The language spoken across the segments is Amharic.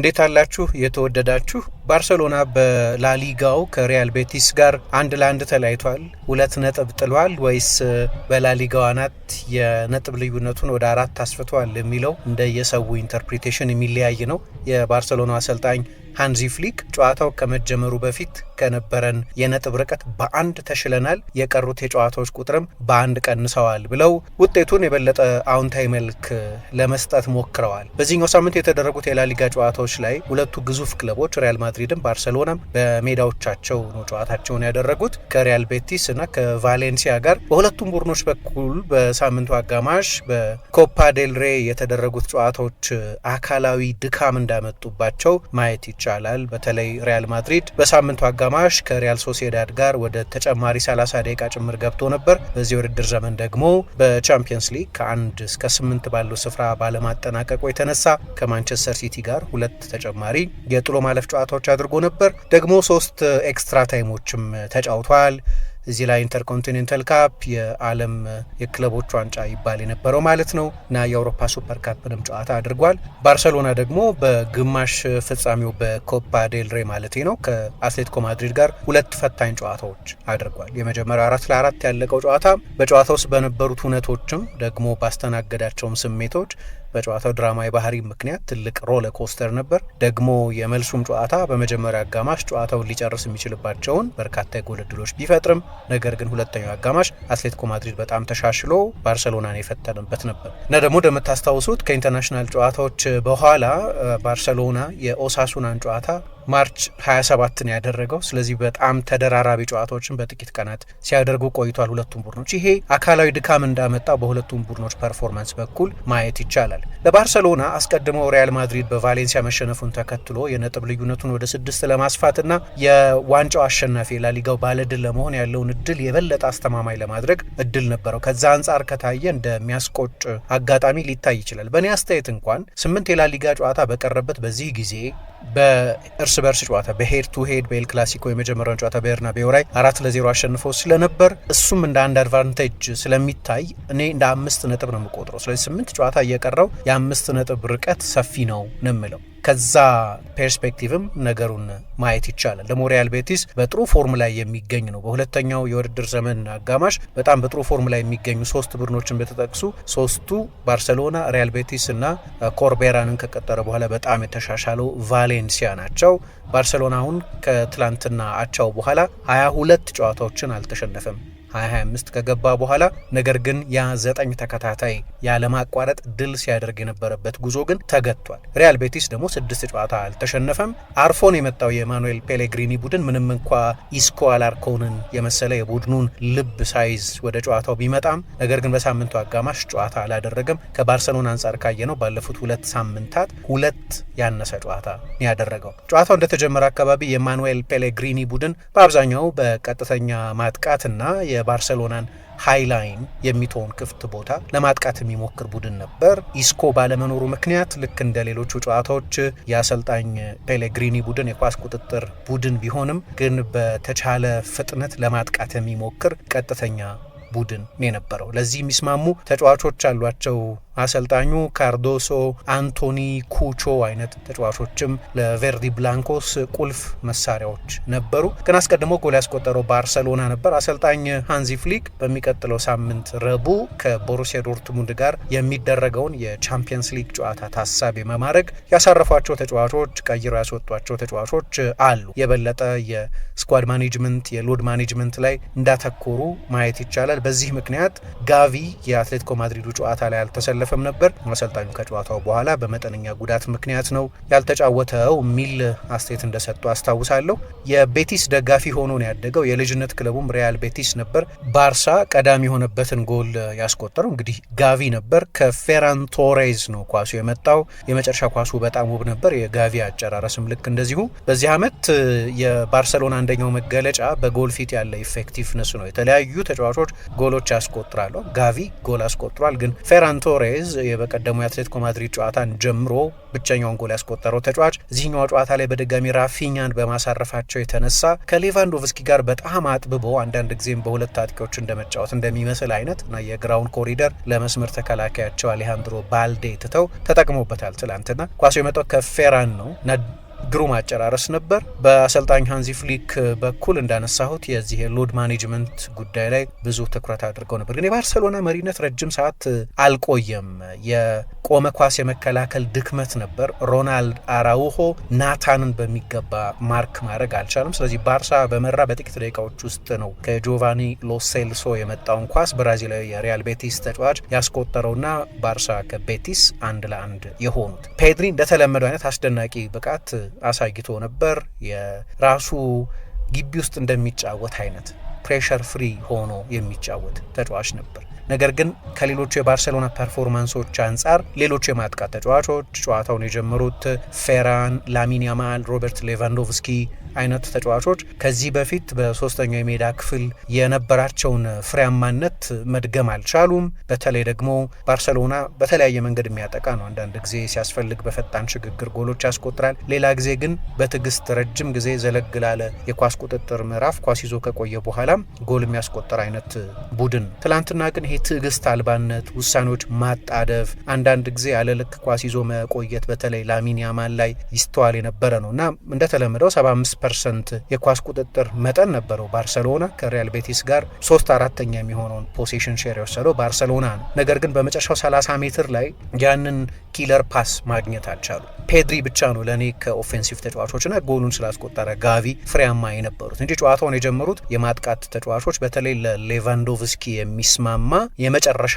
እንዴት አላችሁ የተወደዳችሁ? ባርሰሎና በላሊጋው ከሪያል ቤቲስ ጋር አንድ ለአንድ ተለያይቷል። ሁለት ነጥብ ጥሏል ወይስ በላሊጋው አናት የነጥብ ልዩነቱን ወደ አራት አስፍቷል የሚለው እንደ የሰው ኢንተርፕሪቴሽን የሚለያይ ነው። የባርሰሎና አሰልጣኝ ሃንዚ ፍሊክ ጨዋታው ከመጀመሩ በፊት ከነበረን የነጥብ ርቀት በአንድ ተሽለናል፣ የቀሩት የጨዋታዎች ቁጥርም በአንድ ቀንሰዋል ብለው ውጤቱን የበለጠ አዎንታዊ መልክ ለመስጠት ሞክረዋል። በዚህኛው ሳምንት የተደረጉት የላሊጋ ጨዋታዎች ላይ ሁለቱ ግዙፍ ክለቦች ሪያል ማድሪድም ባርሰሎናም በሜዳዎቻቸው ነው ጨዋታቸውን ያደረጉት ከሪያል ቤቲስ እና ከቫሌንሲያ ጋር። በሁለቱም ቡድኖች በኩል በሳምንቱ አጋማሽ በኮፓ ዴል ሬ የተደረጉት ጨዋታዎች አካላዊ ድካም እንዳመጡባቸው ማየት ይቻላል። በተለይ ሪያል ማድሪድ በሳምንቱ አጋ አጋማሽ ከሪያል ሶሲዳድ ጋር ወደ ተጨማሪ 30 ደቂቃ ጭምር ገብቶ ነበር። በዚህ ውድድር ዘመን ደግሞ በቻምፒየንስ ሊግ ከአንድ እስከ ስምንት ባለው ስፍራ ባለማጠናቀቁ የተነሳ ከማንቸስተር ሲቲ ጋር ሁለት ተጨማሪ የጥሎ ማለፍ ጨዋታዎች አድርጎ ነበር። ደግሞ ሶስት ኤክስትራ ታይሞችም ተጫውቷል። እዚህ ላይ ኢንተርኮንቲኔንታል ካፕ የዓለም የክለቦች ዋንጫ ይባል የነበረው ማለት ነው እና የአውሮፓ ሱፐር ካፕንም ጨዋታ አድርጓል። ባርሰሎና ደግሞ በግማሽ ፍጻሜው በኮፓ ዴልሬ ማለት ነው ከአትሌቲኮ ማድሪድ ጋር ሁለት ፈታኝ ጨዋታዎች አድርጓል። የመጀመሪያው አራት ለአራት ያለቀው ጨዋታ በጨዋታ ውስጥ በነበሩት ሁነቶችም ደግሞ ባስተናገዳቸውም ስሜቶች በጨዋታው ድራማዊ ባህሪ ምክንያት ትልቅ ሮለ ኮስተር ነበር። ደግሞ የመልሱም ጨዋታ በመጀመሪያ አጋማሽ ጨዋታውን ሊጨርስ የሚችልባቸውን በርካታ የጎል እድሎች ቢፈጥርም ነገር ግን ሁለተኛው አጋማሽ አትሌቲኮ ማድሪድ በጣም ተሻሽሎ ባርሰሎናን የፈተነበት ነበር እና ደግሞ እንደምታስታውሱት ከኢንተርናሽናል ጨዋታዎች በኋላ ባርሰሎና የኦሳሱናን ጨዋታ ማርች 27 ነው ያደረገው። ስለዚህ በጣም ተደራራቢ ጨዋታዎችን በጥቂት ቀናት ሲያደርጉ ቆይቷል ሁለቱም ቡድኖች። ይሄ አካላዊ ድካም እንዳመጣ በሁለቱም ቡድኖች ፐርፎርማንስ በኩል ማየት ይቻላል። ለባርሰሎና አስቀድመው ሪያል ማድሪድ በቫሌንሲያ መሸነፉን ተከትሎ የነጥብ ልዩነቱን ወደ ስድስት ለማስፋትና የዋንጫው አሸናፊ ላሊጋው ባለድል ለመሆን ያለውን እድል የበለጠ አስተማማኝ ለማድረግ እድል ነበረው። ከዛ አንጻር ከታየ እንደሚያስቆጭ አጋጣሚ ሊታይ ይችላል። በእኔ አስተያየት እንኳን ስምንት የላሊጋ ጨዋታ በቀረበት በዚህ ጊዜ የእርስ በርስ ጨዋታ በሄድ ቱ ሄድ በኤል ክላሲኮ የመጀመሪያውን ጨዋታ በርናቤው ላይ አራት ለዜሮ አሸንፈው ስለነበር እሱም እንደ አንድ አድቫንቴጅ ስለሚታይ እኔ እንደ አምስት ነጥብ ነው የምቆጥረው። ስለዚህ ስምንት ጨዋታ እየቀረው የአምስት ነጥብ ርቀት ሰፊ ነው ነው የምለው። ከዛ ፔርስፔክቲቭም ነገሩን ማየት ይቻላል። ደግሞ ሪያል ቤቲስ በጥሩ ፎርም ላይ የሚገኝ ነው። በሁለተኛው የውድድር ዘመን አጋማሽ በጣም በጥሩ ፎርም ላይ የሚገኙ ሶስት ቡድኖችን በተጠቅሱ ሶስቱ ባርሰሎና፣ ሪያል ቤቲስ እና ኮርቤራንን ከቀጠረ በኋላ በጣም የተሻሻለው ቫሌንሲያ ናቸው። ባርሰሎና አሁን ከትላንትና አቻው በኋላ 22 ጨዋታዎችን አልተሸነፈም። 2025 ከገባ በኋላ ነገር ግን ያ ዘጠኝ ተከታታይ ያለማቋረጥ ድል ሲያደርግ የነበረበት ጉዞ ግን ተገጥቷል። ሪያል ቤቲስ ደግሞ ስድስት ጨዋታ አልተሸነፈም። አርፎን የመጣው የማኑኤል ፔሌግሪኒ ቡድን ምንም እንኳ ኢስኮ አላርኮንን የመሰለ የቡድኑን ልብ ሳይዝ ወደ ጨዋታው ቢመጣም ነገር ግን በሳምንቱ አጋማሽ ጨዋታ አላደረገም። ከባርሰሎና አንጻር ካየነው ባለፉት ሁለት ሳምንታት ሁለት ያነሰ ጨዋታ ያደረገው። ጨዋታው እንደተጀመረ አካባቢ የማኑኤል ፔሌግሪኒ ቡድን በአብዛኛው በቀጥተኛ ማጥቃትና የባርሴሎናን ሃይላይን የሚተውን ክፍት ቦታ ለማጥቃት የሚሞክር ቡድን ነበር። ኢስኮ ባለመኖሩ ምክንያት ልክ እንደ ሌሎቹ ጨዋታዎች የአሰልጣኝ ፔሌግሪኒ ቡድን የኳስ ቁጥጥር ቡድን ቢሆንም ግን በተቻለ ፍጥነት ለማጥቃት የሚሞክር ቀጥተኛ ቡድን የነበረው። ለዚህ የሚስማሙ ተጫዋቾች አሏቸው አሰልጣኙ ካርዶሶ፣ አንቶኒ ኩቾ አይነት ተጫዋቾችም ለቬርዲ ብላንኮስ ቁልፍ መሳሪያዎች ነበሩ። ግን አስቀድሞ ጎል ያስቆጠረው ባርሰሎና ነበር። አሰልጣኝ ሃንዚ ፍሊክ በሚቀጥለው ሳምንት ረቡዕ ከቦሩሲያ ዶርትሙንድ ጋር የሚደረገውን የቻምፒየንስ ሊግ ጨዋታ ታሳቢ በማድረግ ያሳረፏቸው ተጫዋቾች፣ ቀይሮ ያስወጧቸው ተጫዋቾች አሉ። የበለጠ የስኳድ ማኔጅመንት የሎድ ማኔጅመንት ላይ እንዳተኮሩ ማየት ይቻላል። በዚህ ምክንያት ጋቪ የአትሌቲኮ ማድሪዱ ጨዋታ ላይ አልተሰለ አልተሰለፈም ነበር። አሰልጣኙ ከጨዋታው በኋላ በመጠነኛ ጉዳት ምክንያት ነው ያልተጫወተው የሚል አስተያየት እንደሰጡ አስታውሳለሁ። የቤቲስ ደጋፊ ሆኖ ነው ያደገው። የልጅነት ክለቡም ሪያል ቤቲስ ነበር። ባርሳ ቀዳሚ የሆነበትን ጎል ያስቆጠረው እንግዲህ ጋቪ ነበር። ከፌራን ቶሬዝ ነው ኳሱ የመጣው። የመጨረሻ ኳሱ በጣም ውብ ነበር። የጋቪ አጨራረስም ልክ እንደዚሁ። በዚህ አመት የባርሰሎና አንደኛው መገለጫ በጎል ፊት ያለ ኢፌክቲቭነስ ነው። የተለያዩ ተጫዋቾች ጎሎች ያስቆጥራሉ። ጋቪ ጎል አስቆጥሯል፣ ግን ፌራን ፔሬዝ የበቀደሙ የአትሌቲኮ ማድሪድ ጨዋታን ጀምሮ ብቸኛውን ጎል ያስቆጠረው ተጫዋች እዚህኛው ጨዋታ ላይ በድጋሚ ራፊኛን በማሳረፋቸው የተነሳ ከሌቫንዶቭስኪ ጋር በጣም አጥብቦ አንዳንድ ጊዜም በሁለት አጥቂዎች እንደመጫወት እንደሚመስል አይነት እና የግራውን ኮሪደር ለመስመር ተከላካያቸው አሌሃንድሮ ባልዴ ትተው ተጠቅሞበታል። ትላንትና ኳሱ የመጣው ከፌራን ነው እና ግሩም አጨራረስ ነበር። በአሰልጣኝ ሃንዚ ፍሊክ በኩል እንዳነሳሁት የዚህ የሎድ ማኔጅመንት ጉዳይ ላይ ብዙ ትኩረት አድርገው ነበር። ግን የባርሰሎና መሪነት ረጅም ሰዓት አልቆየም። የቆመ ኳስ የመከላከል ድክመት ነበር። ሮናልድ አራውሆ ናታንን በሚገባ ማርክ ማድረግ አልቻለም። ስለዚህ ባርሳ በመራ በጥቂት ደቂቃዎች ውስጥ ነው ከጆቫኒ ሎሴልሶ የመጣውን ኳስ ብራዚላዊ የሪያል ቤቲስ ተጫዋች ያስቆጠረውና ባርሳ ከቤቲስ አንድ ለአንድ የሆኑት ፔድሪ እንደተለመደው አይነት አስደናቂ ብቃት አሳይቶ ነበር። የራሱ ግቢ ውስጥ እንደሚጫወት አይነት ፕሬሸር ፍሪ ሆኖ የሚጫወት ተጫዋች ነበር። ነገር ግን ከሌሎቹ የባርሴሎና ፐርፎርማንሶች አንጻር ሌሎቹ የማጥቃት ተጫዋቾች ጨዋታውን የጀመሩት ፌራን፣ ላሚን ያማል፣ ሮበርት ሌቫንዶቭስኪ አይነት ተጫዋቾች ከዚህ በፊት በሶስተኛው የሜዳ ክፍል የነበራቸውን ፍሬያማነት መድገም አልቻሉም። በተለይ ደግሞ ባርሰሎና በተለያየ መንገድ የሚያጠቃ ነው። አንዳንድ ጊዜ ሲያስፈልግ በፈጣን ሽግግር ጎሎች ያስቆጥራል። ሌላ ጊዜ ግን በትዕግስት ረጅም ጊዜ ዘለግ ላለ የኳስ ቁጥጥር ምዕራፍ ኳስ ይዞ ከቆየ በኋላም ጎል የሚያስቆጥር አይነት ቡድን። ትላንትና ግን ይሄ ትዕግስት አልባነት፣ ውሳኔዎች ማጣደፍ፣ አንዳንድ ጊዜ ያለልክ ኳስ ይዞ መቆየት በተለይ ላሚን ያማል ላይ ይስተዋል የነበረ ነው እና እንደተለመደው 75 ፐርሰንት የኳስ ቁጥጥር መጠን ነበረው ባርሰሎና። ከሪያል ቤቲስ ጋር ሶስት አራተኛ የሚሆነውን ፖሴሽን ሼር የወሰደው ባርሰሎና ነው። ነገር ግን በመጨረሻው 30 ሜትር ላይ ያንን ኪለር ፓስ ማግኘት አልቻሉ። ፔድሪ ብቻ ነው ለእኔ ከኦፌንሲቭ ተጫዋቾችና ጎሉን ስላስቆጠረ ጋቪ ፍሬያማ የነበሩት እንጂ ጨዋታውን የጀመሩት የማጥቃት ተጫዋቾች በተለይ ለሌቫንዶቭስኪ የሚስማማ የመጨረሻ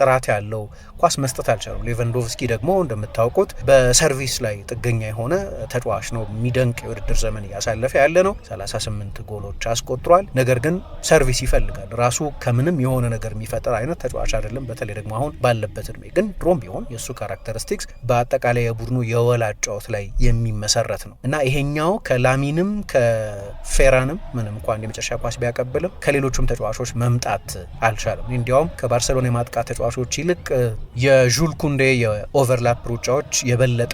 ጥራት ያለው ኳስ መስጠት አልቻሉም። ሌቫንዶቭስኪ ደግሞ እንደምታውቁት በሰርቪስ ላይ ጥገኛ የሆነ ተጫዋች ነው። የሚደንቅ የውድድር ዘመን እያሳለፈ ያለ ነው። 38 ጎሎች አስቆጥሯል። ነገር ግን ሰርቪስ ይፈልጋል። ራሱ ከምንም የሆነ ነገር የሚፈጥር አይነት ተጫዋች አይደለም። በተለይ ደግሞ አሁን ባለበት እድሜ ግን ድሮም ቢሆን የእሱ ካራክተሪስቲክስ በአጠቃላይ የቡድኑ የወላጅ ጨዋታ ላይ የሚመሰረት ነው እና ይሄኛው ከላሚንም ከፌራንም ምንም እንኳን የመጨረሻ ኳስ ቢያቀብልም ከሌሎቹም ተጫዋቾች መምጣት አልቻለም። እንዲያውም ከባርሴሎና የማጥቃት ተጫዋቾች ይልቅ የዡል ኩንዴ የኦቨርላፕ ሩጫዎች የበለጠ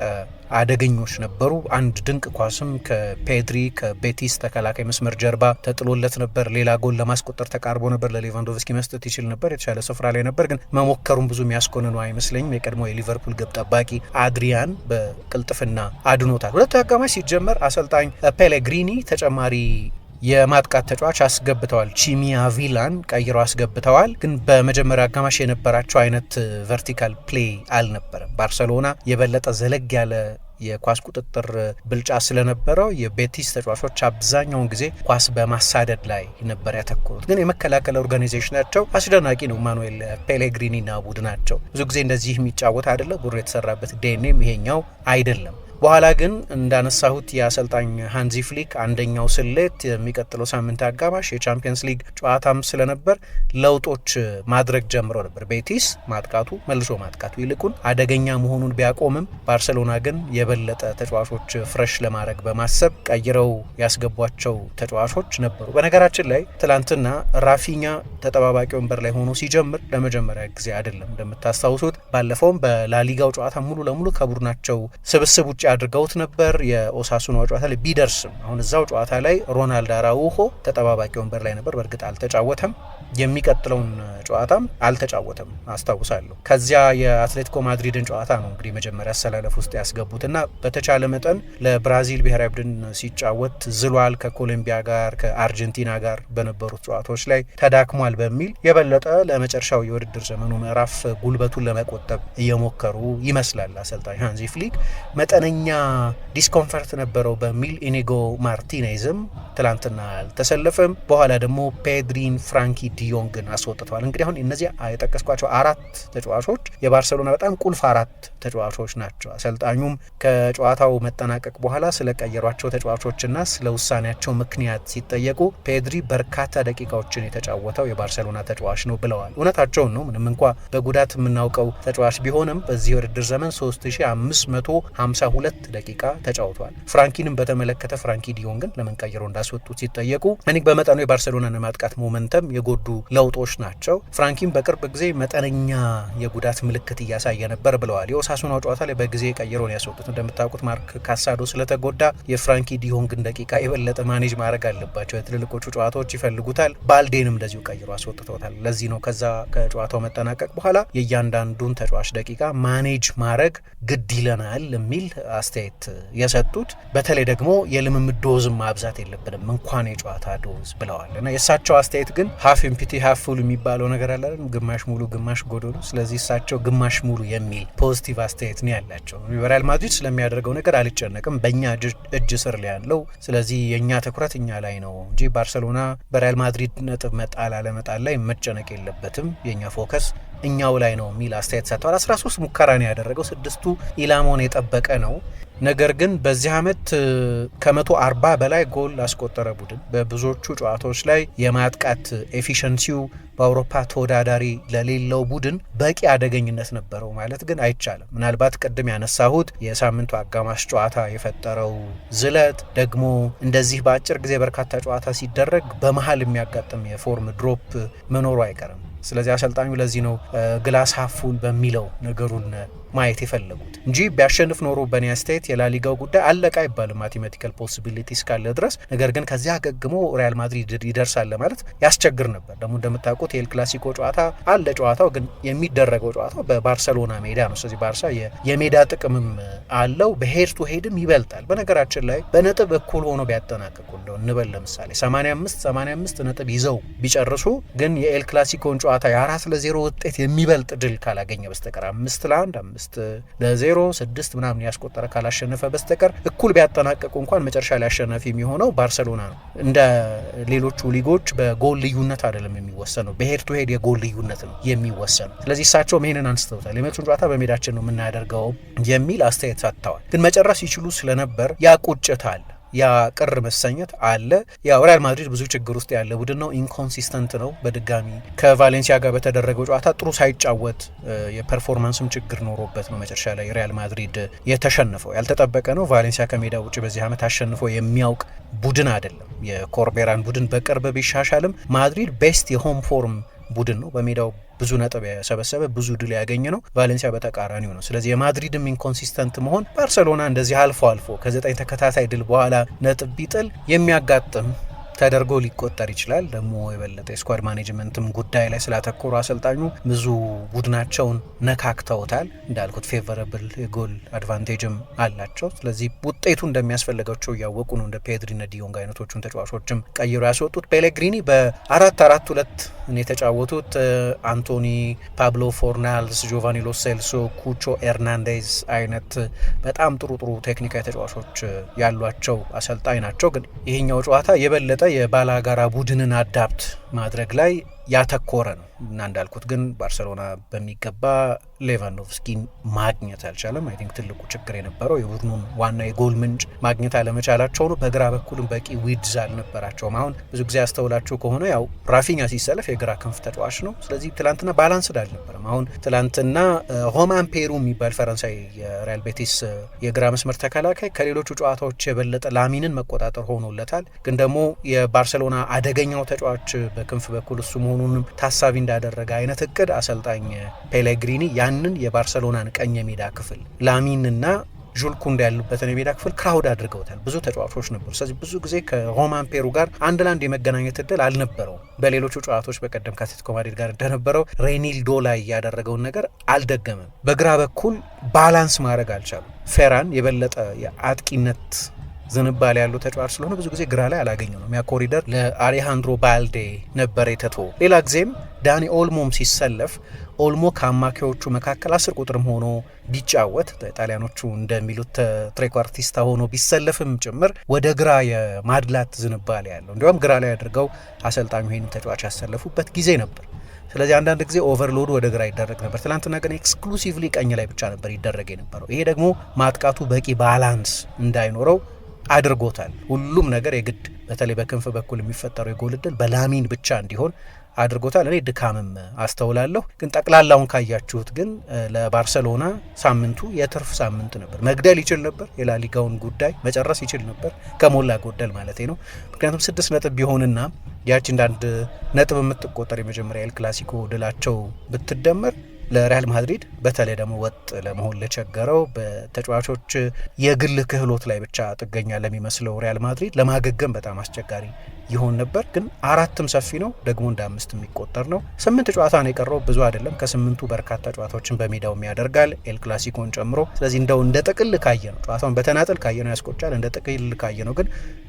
አደገኞች ነበሩ። አንድ ድንቅ ኳስም ከፔድሪ ከቤቲስ ተከላካይ መስመር ጀርባ ተጥሎለት ነበር። ሌላ ጎል ለማስቆጠር ተቃርቦ ነበር። ለሌቫንዶቭስኪ መስጠት ይችል ነበር። የተሻለ ስፍራ ላይ ነበር፣ ግን መሞከሩን ብዙ የሚያስኮንኑ አይመስለኝም። የቀድሞ የሊቨርፑል ግብ ጠባቂ አድሪያን በቅልጥፍና አድኖታል። ሁለቱ አጋማሽ ሲጀመር አሰልጣኝ ፔሌግሪኒ ተጨማሪ የማጥቃት ተጫዋች አስገብተዋል። ቺሚያ ቪላን ቀይረው አስገብተዋል። ግን በመጀመሪያ አጋማሽ የነበራቸው አይነት ቨርቲካል ፕሌይ አልነበረም። ባርሰሎና የበለጠ ዘለግ ያለ የኳስ ቁጥጥር ብልጫ ስለነበረው የቤቲስ ተጫዋቾች አብዛኛውን ጊዜ ኳስ በማሳደድ ላይ ነበር ያተኮሩት። ግን የመከላከል ኦርጋናይዜሽናቸው አስደናቂ ነው። ማኑኤል ፔሌግሪኒ ና ቡድናቸው ብዙ ጊዜ እንደዚህ የሚጫወት አይደለም። ቡድኑ የተሰራበት ዴኔም ይሄኛው አይደለም። በኋላ ግን እንዳነሳሁት የአሰልጣኝ ሃንዚ ፍሊክ አንደኛው ስሌት የሚቀጥለው ሳምንት አጋማሽ የቻምፒየንስ ሊግ ጨዋታም ስለነበር ለውጦች ማድረግ ጀምሮ ነበር። ቤቲስ ማጥቃቱ መልሶ ማጥቃቱ ይልቁን አደገኛ መሆኑን ቢያቆምም ባርሰሎና ግን የበለጠ ተጫዋቾች ፍረሽ ለማድረግ በማሰብ ቀይረው ያስገቧቸው ተጫዋቾች ነበሩ። በነገራችን ላይ ትላንትና ራፊኛ ተጠባባቂ ወንበር ላይ ሆኖ ሲጀምር ለመጀመሪያ ጊዜ አይደለም። እንደምታስታውሱት ባለፈውም በላሊጋው ጨዋታ ሙሉ ለሙሉ ከቡድናቸው ስብስብ ውጭ አድርገውት ነበር። የኦሳሱና ጨዋታ ላይ ቢደርስም አሁን እዛው ጨዋታ ላይ ሮናልድ አራውሆ ተጠባባቂ ወንበር ላይ ነበር። በእርግጥ አልተጫወተም፣ የሚቀጥለውን ጨዋታም አልተጫወተም አስታውሳለሁ። ከዚያ የአትሌቲኮ ማድሪድን ጨዋታ ነው እንግዲህ መጀመሪያ አሰላለፍ ውስጥ ያስገቡትና በተቻለ መጠን ለብራዚል ብሔራዊ ቡድን ሲጫወት ዝሏል፣ ከኮሎምቢያ ጋር ከአርጀንቲና ጋር በነበሩት ጨዋታዎች ላይ ተዳክሟል በሚል የበለጠ ለመጨረሻው የውድድር ዘመኑ ምዕራፍ ጉልበቱን ለመቆጠብ እየሞከሩ ይመስላል አሰልጣኝ ሃንዚ ፍሊክ መጠነኛ ሁነኛ ዲስኮንፈርት ነበረው በሚል ኢኒጎ ማርቲኔዝም ትላንትና አልተሰለፈም። በኋላ ደግሞ ፔድሪን፣ ፍራንኪ ዲዮንግን አስወጥተዋል። እንግዲህ አሁን እነዚህ የጠቀስኳቸው አራት ተጫዋቾች የባርሰሎና በጣም ቁልፍ አራት ተጫዋቾች ናቸው። አሰልጣኙም ከጨዋታው መጠናቀቅ በኋላ ስለቀየሯቸው ተጫዋቾችና ስለ ውሳኔያቸው ምክንያት ሲጠየቁ ፔድሪ በርካታ ደቂቃዎችን የተጫወተው የባርሰሎና ተጫዋች ነው ብለዋል። እውነታቸውን ነው። ምንም እንኳ በጉዳት የምናውቀው ተጫዋች ቢሆንም በዚህ የውድድር ዘመን 3552 ሁለት ደቂቃ ተጫውቷል። ፍራንኪንም በተመለከተ ፍራንኪ ዲዮንግን ለምን ቀይረው እንዳስወጡት ሲጠየቁ እኔግ በመጠኑ የባርሴሎናን ማጥቃት ሞመንተም የጎዱ ለውጦች ናቸው። ፍራንኪን በቅርብ ጊዜ መጠነኛ የጉዳት ምልክት እያሳየ ነበር ብለዋል። የኦሳሱናው ጨዋታ ላይ በጊዜ ቀይሮ ነው ያስወጡት። እንደምታውቁት ማርክ ካሳዶ ስለተጎዳ የፍራንኪ ዲዮንግን ደቂቃ የበለጠ ማኔጅ ማድረግ አለባቸው። የትልልቆቹ ጨዋታዎች ይፈልጉታል። ባልዴንም እንደዚሁ ቀይሮ አስወጥተውታል። ለዚህ ነው ከዛ ከጨዋታው መጠናቀቅ በኋላ የእያንዳንዱን ተጫዋች ደቂቃ ማኔጅ ማድረግ ግድ ይለናል የሚል አስተያየት የሰጡት በተለይ ደግሞ የልምምድ ዶዝም ማብዛት የለብንም እንኳን የጨዋታ ዶዝ ብለዋል እና የእሳቸው አስተያየት ግን ሀፍ ኢምፒቲ ሀፍ ፉል የሚባለው ነገር አላለም፣ ግማሽ ሙሉ ግማሽ ጎዶሎ ስለዚህ እሳቸው ግማሽ ሙሉ የሚል ፖዚቲቭ አስተያየት ነው ያላቸው ሪያል ማድሪድ ስለሚያደርገው ነገር አልጨነቅም በእኛ እጅ ስር ላይ ያለው ስለዚህ የእኛ ትኩረት እኛ ላይ ነው እንጂ ባርሰሎና በሪያል ማድሪድ ነጥብ መጣል አለመጣል ላይ መጨነቅ የለበትም የእኛ ፎከስ እኛው ላይ ነው የሚል አስተያየት ሰጥተዋል። 13 ሙከራ ነው ያደረገው፣ ስድስቱ ኢላማውን የጠበቀ ነው። ነገር ግን በዚህ ዓመት ከ140 በላይ ጎል አስቆጠረ ቡድን በብዙዎቹ ጨዋታዎች ላይ የማጥቃት ኤፊሸንሲው በአውሮፓ ተወዳዳሪ ለሌለው ቡድን በቂ አደገኝነት ነበረው ማለት ግን አይቻልም። ምናልባት ቅድም ያነሳሁት የሳምንቱ አጋማሽ ጨዋታ የፈጠረው ዝለት ደግሞ እንደዚህ በአጭር ጊዜ በርካታ ጨዋታ ሲደረግ በመሀል የሚያጋጥም የፎርም ድሮፕ መኖሩ አይቀርም። ስለዚህ አሰልጣኙ ለዚህ ነው ግላስ ሀፉን በሚለው ነገሩን ማየት የፈለጉት እንጂ ቢያሸንፍ ኖሮ በኔ አስተያየት የላሊጋው ጉዳይ አለቃ አይባልም፣ ማቴማቲካል ፖሲቢሊቲ እስካለ ድረስ። ነገር ግን ከዚያ አገግሞ ሪያል ማድሪድ ይደርሳል ለማለት ያስቸግር ነበር። ደግሞ እንደምታውቁት የኤል ክላሲኮ ጨዋታ አለ። ጨዋታው ግን የሚደረገው ጨዋታው በባርሰሎና ሜዳ ነው። ስለዚህ ባርሳ የሜዳ ጥቅምም አለው፣ በሄድ ቱ ሄድም ይበልጣል። በነገራችን ላይ በነጥብ እኩል ሆኖ ቢያጠናቅቁ እንደው እንበል ለምሳሌ 85 85 ነጥብ ይዘው ቢጨርሱ ግን የኤል ክላሲኮን ጨዋታ ጨዋታ የአራት ለዜሮ ውጤት የሚበልጥ ድል ካላገኘ በስተቀር አምስት ለአንድ አምስት ለዜሮ ስድስት ምናምን ያስቆጠረ ካላሸነፈ በስተቀር እኩል ቢያጠናቀቁ እንኳን መጨረሻ ላይ አሸናፊ የሚሆነው ባርሰሎና ነው። እንደ ሌሎቹ ሊጎች በጎል ልዩነት አይደለም የሚወሰነው፣ በሄድ ቱ ሄድ የጎል ልዩነት ነው የሚወሰነው። ስለዚህ እሳቸውም ይህንን አንስተውታል። የመቱን ጨዋታ በሜዳችን ነው የምናደርገው የሚል አስተያየት ሰጥተዋል። ግን መጨረስ ይችሉ ስለነበር ያቁጭታል ያ ቅር መሰኘት አለ። ያው ሪያል ማድሪድ ብዙ ችግር ውስጥ ያለ ቡድን ነው። ኢንኮንሲስተንት ነው። በድጋሚ ከቫሌንሲያ ጋር በተደረገው ጨዋታ ጥሩ ሳይጫወት የፐርፎርማንስም ችግር ኖሮበት ነው መጨረሻ ላይ ሪያል ማድሪድ የተሸነፈው። ያልተጠበቀ ነው። ቫሌንሲያ ከሜዳ ውጭ በዚህ ዓመት አሸንፎ የሚያውቅ ቡድን አይደለም። የኮርቤራን ቡድን በቅርብ ቢሻሻልም ማድሪድ ቤስት የሆም ፎርም ቡድን ነው በሜዳው ብዙ ነጥብ የሰበሰበ ብዙ ድል ያገኘ ነው። ቫሌንሲያ በተቃራኒው ነው። ስለዚህ የማድሪድም ኢንኮንሲስተንት መሆን ባርሰሎና እንደዚህ አልፎ አልፎ ከዘጠኝ ተከታታይ ድል በኋላ ነጥብ ቢጥል የሚያጋጥም ተደርጎ ሊቆጠር ይችላል። ደግሞ የበለጠ የስኳድ ማኔጅመንትም ጉዳይ ላይ ስላተኮሩ አሰልጣኙ ብዙ ቡድናቸውን ነካክተውታል። እንዳልኩት ፌቨረብል የጎል አድቫንቴጅም አላቸው። ስለዚህ ውጤቱ እንደሚያስፈልጋቸው እያወቁ ነው እንደ ፔድሪና ዲዮንግ አይነቶቹን ተጫዋቾችም ቀይሮ ያስወጡት። ፔሌግሪኒ በአራት አራት ሁለት የተጫወቱት አንቶኒ፣ ፓብሎ ፎርናልስ፣ ጆቫኒ ሎሴልሶ፣ ኩቾ ኤርናንዴዝ አይነት በጣም ጥሩ ጥሩ ቴክኒካዊ ተጫዋቾች ያሏቸው አሰልጣኝ ናቸው። ግን ይህኛው ጨዋታ የበለጠ የባላጋራ ቡድንን አዳፕት ማድረግ ላይ ያተኮረ ነው እና እንዳልኩት ግን ባርሰሎና በሚገባ ሌቫንዶቭስኪን ማግኘት አልቻለም። አይ ቲንክ ትልቁ ችግር የነበረው የቡድኑን ዋና የጎል ምንጭ ማግኘት አለመቻላቸው ነው። በግራ በኩልም በቂ ዊድዝ አልነበራቸውም። አሁን ብዙ ጊዜ ያስተውላችሁ ከሆነ ያው ራፊኛ ሲሰለፍ የግራ ክንፍ ተጫዋች ነው። ስለዚህ ትላንትና ባላንስድ አልነበረም። አሁን ትላንትና ሆማን ፔሩ የሚባል ፈረንሳይ የሪያል ቤቲስ የግራ መስመር ተከላካይ ከሌሎቹ ጨዋታዎች የበለጠ ላሚንን መቆጣጠር ሆኖለታል። ግን ደግሞ የባርሰሎና አደገኛው ተጫዋች በክንፍ በኩል እሱ መሆኑንም ታሳቢ እንዳደረገ አይነት እቅድ አሰልጣኝ ፔሌግሪኒ ያንን የባርሰሎናን ቀኝ የሜዳ ክፍል ላሚንና ዡል ኩንዴ ያሉበትን የሜዳ ክፍል ክራውድ አድርገውታል። ብዙ ተጫዋቾች ነበሩ። ስለዚህ ብዙ ጊዜ ከሮማን ፔሩ ጋር አንድ ለአንድ የመገናኘት እድል አልነበረውም። በሌሎቹ ጨዋታዎች በቀደም ከአትሌቲኮ ማድሪድ ጋር እንደነበረው ሬኒልዶ ላይ ያደረገውን ነገር አልደገመም። በግራ በኩል ባላንስ ማድረግ አልቻሉም። ፌራን የበለጠ የአጥቂነት ዝንባሌ ያለው ተጫዋች ስለሆነ ብዙ ጊዜ ግራ ላይ አላገኘው ነው። ያ ኮሪደር ለአሌሃንድሮ ባልዴ ነበር የተቶ። ሌላ ጊዜም ዳኒ ኦልሞም ሲሰለፍ ኦልሞ ከአማካዮቹ መካከል አስር ቁጥርም ሆኖ ቢጫወት ጣሊያኖቹ እንደሚሉት ትሬኳርቲስታ ሆኖ ቢሰለፍም ጭምር ወደ ግራ የማድላት ዝንባሌ ያለው እንዲሁም ግራ ላይ አድርገው አሰልጣኙ ይህን ተጫዋች ያሰለፉበት ጊዜ ነበር። ስለዚህ አንዳንድ ጊዜ ኦቨርሎድ ወደ ግራ ይደረግ ነበር። ትናንትና ግን ኤክስክሉሲቭሊ ቀኝ ላይ ብቻ ነበር ይደረግ የነበረው። ይሄ ደግሞ ማጥቃቱ በቂ ባላንስ እንዳይኖረው አድርጎታል። ሁሉም ነገር የግድ በተለይ በክንፍ በኩል የሚፈጠረው የጎል እድል በላሚን ብቻ እንዲሆን አድርጎታል። እኔ ድካምም አስተውላለሁ። ግን ጠቅላላውን ካያችሁት ግን ለባርሰሎና ሳምንቱ የትርፍ ሳምንት ነበር። መግደል ይችል ነበር፣ የላሊጋውን ጉዳይ መጨረስ ይችል ነበር፣ ከሞላ ጎደል ማለት ነው። ምክንያቱም ስድስት ነጥብ ቢሆንና ያች እንዳንድ ነጥብ የምትቆጠር የመጀመሪያ ኤል ክላሲኮ ድላቸው ብትደመር ለሪያል ማድሪድ በተለይ ደግሞ ወጥ ለመሆን ለቸገረው በተጫዋቾች የግል ክህሎት ላይ ብቻ ጥገኛ ለሚመስለው ሪያል ማድሪድ ለማገገም በጣም አስቸጋሪ ይሆን ነበር። ግን አራትም ሰፊ ነው ደግሞ እንደ አምስት የሚቆጠር ነው። ስምንት ጨዋታ ነው የቀረው፣ ብዙ አይደለም። ከስምንቱ በርካታ ጨዋታዎችን በሜዳውም ያደርጋል ኤል ክላሲኮን ጨምሮ። ስለዚህ እንደው እንደ ጥቅል ካየ ነው ጨዋታውን በተናጠል ካየ ነው ያስቆጫል። እንደ ጥቅል ካየ ነው ግን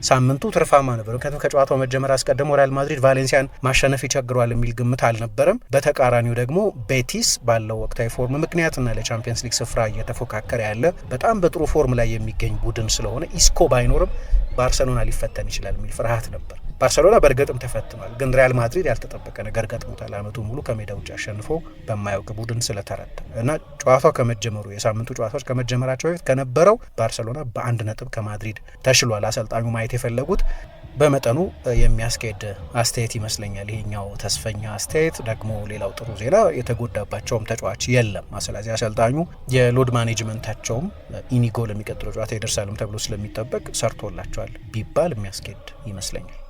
ሳምንቱ ትርፋማ ነበር። ምክንያቱም ከጨዋታው መጀመር አስቀድሞ ሪያል ማድሪድ ቫሌንሲያን ማሸነፍ ይቸግሯል የሚል ግምት አልነበረም። በተቃራኒው ደግሞ ቤቲስ ባለው ወቅታዊ ፎርም ምክንያትና ለቻምፒየንስ ሊግ ስፍራ እየተፎካከረ ያለ በጣም በጥሩ ፎርም ላይ የሚገኝ ቡድን ስለሆነ ኢስኮ ባይኖርም ባርሰሎና ሊፈተን ይችላል የሚል ፍርሃት ነበር። ባርሰሎና በእርግጥም ተፈትኗል፣ ግን ሪያል ማድሪድ ያልተጠበቀ ነገር ገጥሞታል። አመቱ ሙሉ ከሜዳ ውጭ አሸንፎ በማያውቅ ቡድን ስለተረታ እና ጨዋታው ከመጀመሩ የሳምንቱ ጨዋታዎች ከመጀመራቸው በፊት ከነበረው ባርሰሎና በአንድ ነጥብ ከማድሪድ ተሽሏል። አሰልጣኙ ማየት የፈለጉት በመጠኑ የሚያስኬድ አስተያየት ይመስለኛል። ይሄኛው ተስፈኛ አስተያየት ደግሞ ሌላው ጥሩ ዜና የተጎዳባቸውም ተጫዋች የለም። ስለዚህ አሰልጣኙ የሎድ ማኔጅመንታቸውም ኢኒጎ ለሚቀጥለው ጨዋታ ይደርሳልም ተብሎ ስለሚጠበቅ ሰርቶላቸዋል ቢባል የሚያስኬድ ይመስለኛል።